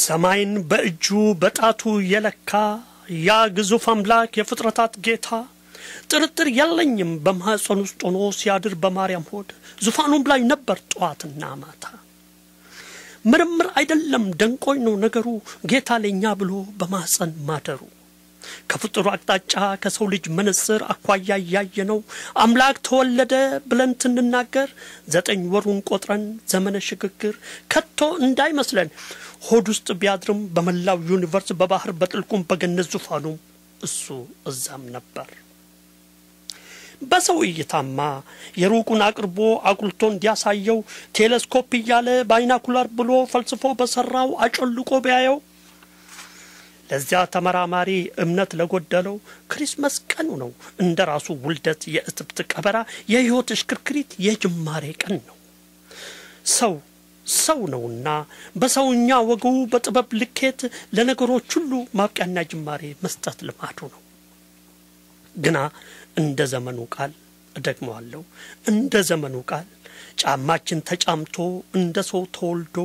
ሰማይን በእጁ በጣቱ የለካ ያ ግዙፍ አምላክ የፍጥረታት ጌታ ጥርጥር የለኝም በማኅፀን ውስጥ ሆኖ ሲያድር በማርያም ሆድ ዙፋኑም ላይ ነበር ጠዋትና ማታ። ምርምር አይደለም ደንቆኝ ነው ነገሩ ጌታ ለእኛ ብሎ በማኅፀን ማደሩ። ከፍጥሩ አቅጣጫ ከሰው ልጅ መነጽር አኳያ እያየ ነው አምላክ ተወለደ ብለን ትንናገር ዘጠኝ ወሩን ቆጥረን ዘመነ ሽግግር ከቶ እንዳይመስለን ሆድ ውስጥ ቢያድርም በመላው ዩኒቨርስ በባህር በጥልቁም በገነት ዙፋኑ እሱ እዛም ነበር። በሰው እይታማ የሩቁን አቅርቦ አጉልቶ እንዲያሳየው ቴሌስኮፕ እያለ ባይናኩላር ብሎ ፈልስፎ በሰራው አጨልቆ ቢያየው ለዚያ ተመራማሪ እምነት ለጎደለው ክሪስመስ ቀኑ ነው እንደ ራሱ ውልደት፣ የእትብት ቀበራ፣ የሕይወት እሽክርክሪት የጅማሬ ቀን ነው። ሰው ሰው ነውና በሰውኛ ወገቡ በጥበብ ልኬት ለነገሮች ሁሉ ማብቂያና ጅማሬ መስጠት ልማዱ ነው። ግና እንደ ዘመኑ ቃል እደግመዋለሁ፣ እንደ ዘመኑ ቃል ጫማችን ተጫምቶ እንደ ሰው ተወልዶ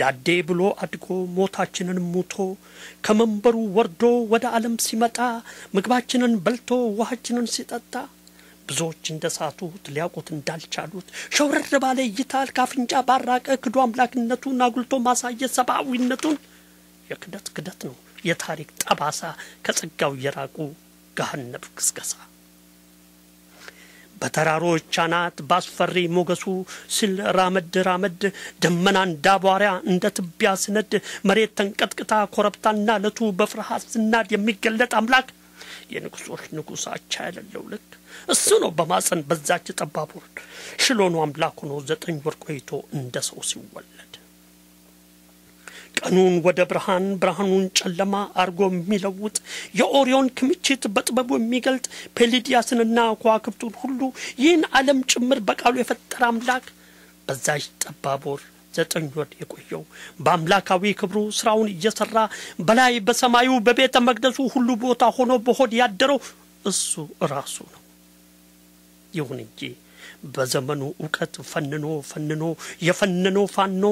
ዳዴ ብሎ አድጎ ሞታችንን ሙቶ ከመንበሩ ወርዶ ወደ ዓለም ሲመጣ ምግባችንን በልቶ ውሃችንን ሲጠጣ ብዙዎች እንደ ሳቱት ሊያውቁት እንዳልቻሉት ሸውረር ባለ እይታ ካፍንጫ ባራቀ ክዶ አምላክነቱን አጉልቶ ማሳየት ሰብአዊነቱን የክደት ክደት ነው። የታሪክ ጠባሳ ከጸጋው የራቁ ገሃነብ ግስገሳ በተራሮች አናት ባስፈሪ ሞገሱ ስል ራመድ ራመድ ደመና እንዳቧሪያ እንደ ትቢያ ስነድ መሬት ተንቀጥቅታ ኮረብታና ለቱ በፍርሃት ስናድ የሚገለጥ አምላክ የንጉሶች ንጉሥ አቻ ያለለው ልክ እሱ ነው። በማፀን በዛች ጠባቡን ሽሎኑ አምላክ ሆኖ ዘጠኝ ወር ቆይቶ እንደ ሰው ሲወለድ ቀኑን ወደ ብርሃን ብርሃኑን ጨለማ አርጎ የሚለውጥ የኦሪዮን ክምችት በጥበቡ የሚገልጥ ፔሊዲያስንና ከዋክብቱን ሁሉ ይህን ዓለም ጭምር በቃሉ የፈጠረ አምላክ በዛች ጠባብ ወር ዘጠኝ ወር የቆየው በአምላካዊ ክብሩ ስራውን እየሰራ በላይ በሰማዩ በቤተ መቅደሱ ሁሉ ቦታ ሆኖ በሆድ ያደረው እሱ ራሱ ነው። ይሁን እንጂ በዘመኑ እውቀት ፈንኖ ፈንኖ የፈንኖ ፋኖ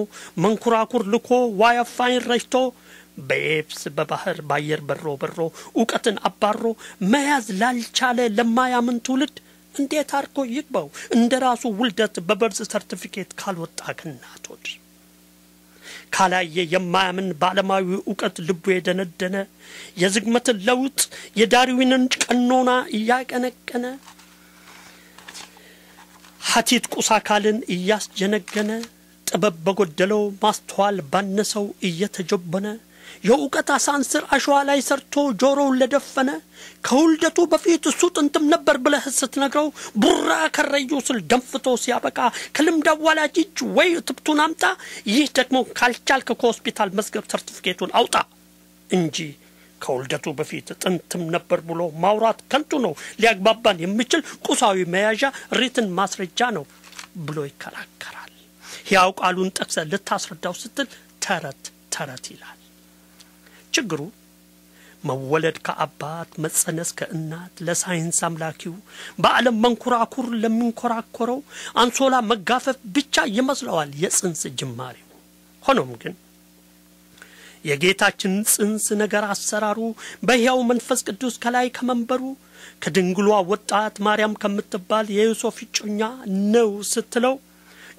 መንኮራኩር ልኮ ዋያፋኝ ረጭቶ በየብስ በባህር በአየር በሮ በሮ እውቀትን አባሮ መያዝ ላልቻለ ለማያምን ትውልድ እንዴት አድርጎ ይግባው እንደ ራሱ ውልደት በበርዝ ሰርቲፊኬት ካልወጣ ከእናት ካላየ የማያምን በዓለማዊ እውቀት ልቡ የደነደነ የዝግመትን ለውጥ የዳርዊንን ቀኖና እያቀነቀነ ሀቲት ቁስ አካልን እያስጀነገነ ጥበብ በጎደለው ማስተዋል ባነሰው እየተጀበነ የእውቀት አሳንስር አሸዋ ላይ ሰርቶ ጆሮውን ለደፈነ ከውልደቱ በፊት እሱ ጥንትም ነበር ብለህ ስትነግረው ቡራ ከረዩ ስል ደንፍቶ ሲያበቃ ከልምድ አዋላጅ እጅ ወይ ትብቱን አምጣ። ይህ ደግሞ ካልቻልክ ከሆስፒታል መዝገብ ሰርቲፊኬቱን አውጣ እንጂ ከውልደቱ በፊት ጥንትም ነበር ብሎ ማውራት ከንቱ ነው፣ ሊያግባባን የሚችል ቁሳዊ መያዣ ሪትን ማስረጃ ነው ብሎ ይከራከራል። ሕያው ቃሉን ጠቅሰ ልታስረዳው ስትል ተረት ተረት ይላል። ችግሩ መወለድ ከአባት መጸነስ ከእናት ለሳይንስ አምላኪው በዓለም መንኮራኩር ለሚንኮራኮረው አንሶላ መጋፈፍ ብቻ ይመስለዋል የጽንስ ጅማሬው። ሆኖም ግን የጌታችን ጽንስ ነገር አሰራሩ በሕያው መንፈስ ቅዱስ ከላይ ከመንበሩ ከድንግሏ ወጣት ማርያም ከምትባል የዮሴፍ እጮኛ ነው ስትለው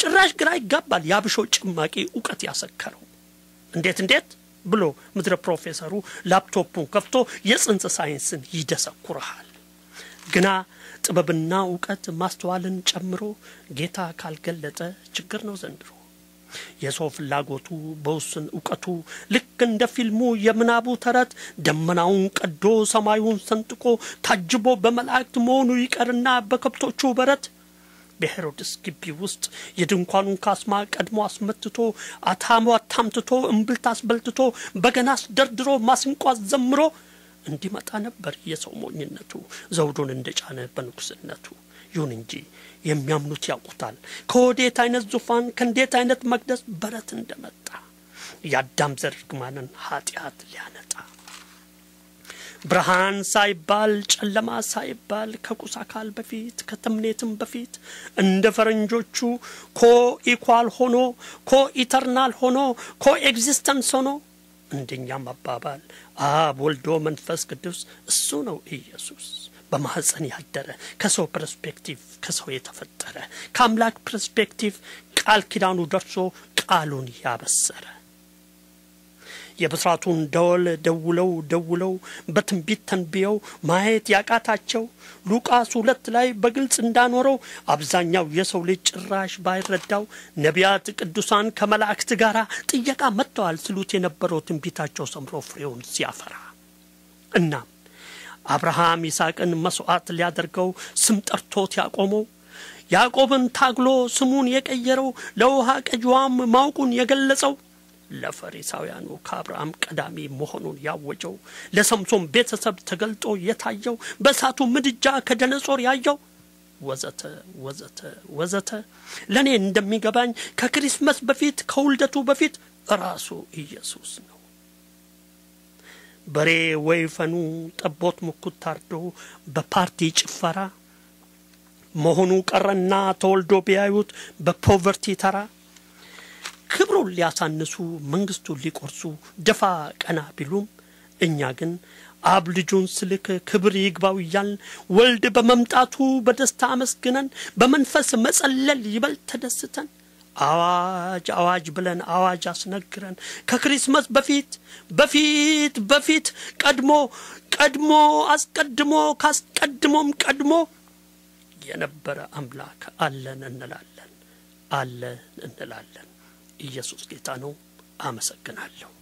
ጭራሽ ግራ ይጋባል። የአብሾ ጭማቂ እውቀት ያሰከረው እንዴት እንዴት ብሎ ምድረ ፕሮፌሰሩ ላፕቶፑን ከፍቶ የጽንስ ሳይንስን ይደሰኩረሃል ግና ጥበብና እውቀት ማስተዋልን ጨምሮ ጌታ ካልገለጠ ችግር ነው ዘንድሮ። የሰው ፍላጎቱ በውስን እውቀቱ ልክ እንደ ፊልሙ የምናቡ ተረት ደመናውን ቀዶ ሰማዩን ሰንጥቆ ታጅቦ በመላእክት መሆኑ ይቀርና በከብቶቹ በረት በሄሮድስ ግቢ ውስጥ የድንኳኑን ካስማ ቀድሞ አስመትቶ አታሞ አታምትቶ እምብልት አስበልትቶ በገና አስደርድሮ ማስንቋ ዘምሮ እንዲመጣ ነበር የሰው ሞኝነቱ ዘውዱን እንደ ጫነ በንጉስነቱ ይሁን እንጂ የሚያምኑት ያውቁታል ከወዴት አይነት ዙፋን ከእንዴት አይነት መቅደስ በረት እንደመጣ የአዳም ዘር እርግማንን ኃጢአት ሊያነጣ ብርሃን ሳይባል ጨለማ ሳይባል ከቁስ አካል በፊት ከትምኔትም በፊት እንደ ፈረንጆቹ ኮ ኢኳል ሆኖ ኮ ኢተርናል ሆኖ ኮ ኤግዚስተንስ ሆኖ እንደኛም አባባል አብ ወልዶ መንፈስ ቅዱስ እሱ ነው ኢየሱስ በማህፀን ያደረ ከሰው ፐርስፔክቲቭ ከሰው የተፈጠረ ከአምላክ ፐርስፔክቲቭ ቃል ኪዳኑ ደርሶ ቃሉን ያበሰረ የብስራቱን ደወል ደውለው ደውለው በትንቢት ተንብየው ማየት ያቃታቸው ሉቃስ ሁለት ላይ በግልጽ እንዳኖረው አብዛኛው የሰው ልጅ ጭራሽ ባይረዳው ነቢያት ቅዱሳን ከመላእክት ጋር ጥየቃ መጥተዋል ስሉት የነበረው ትንቢታቸው ሰምሮ ፍሬውን ሲያፈራ እናም አብርሃም ይስቅን መስዋዕት ሊያደርገው ስም ጠርቶት ያቆመው ያዕቆብን ታግሎ ስሙን የቀየረው ለውሃ ቀጂዋም ማውቁን የገለጸው ለፈሪሳውያኑ ከአብርሃም ቀዳሚ መሆኑን ያወጀው ለሰምሶን ቤተሰብ ተገልጦ የታየው በእሳቱ ምድጃ ከደነጾር ያየው ወዘተ ወዘተ ወዘተ ለእኔ እንደሚገባኝ ከክሪስመስ በፊት ከውልደቱ በፊት ራሱ ኢየሱስ ነው። በሬ ወይፈኑ ጠቦት ሙኩት ታርዶ በፓርቲ ጭፈራ መሆኑ ቀረና ተወልዶ ቢያዩት በፖቨርቲ ተራ ክብሩን ሊያሳንሱ መንግስቱን ሊቆርሱ ደፋ ቀና ቢሉም እኛ ግን አብ ልጁን ስልክ ክብር ይግባው እያልን ወልድ በመምጣቱ በደስታ አመስግነን በመንፈስ መጸለል ይበልጥ ተደስተን አዋጅ አዋጅ ብለን አዋጅ አስነግረን ከክሪስመስ በፊት በፊት በፊት ቀድሞ ቀድሞ አስቀድሞ ካስቀድሞም ቀድሞ የነበረ አምላክ አለን እንላለን አለን እንላለን። y Getano, a Dios.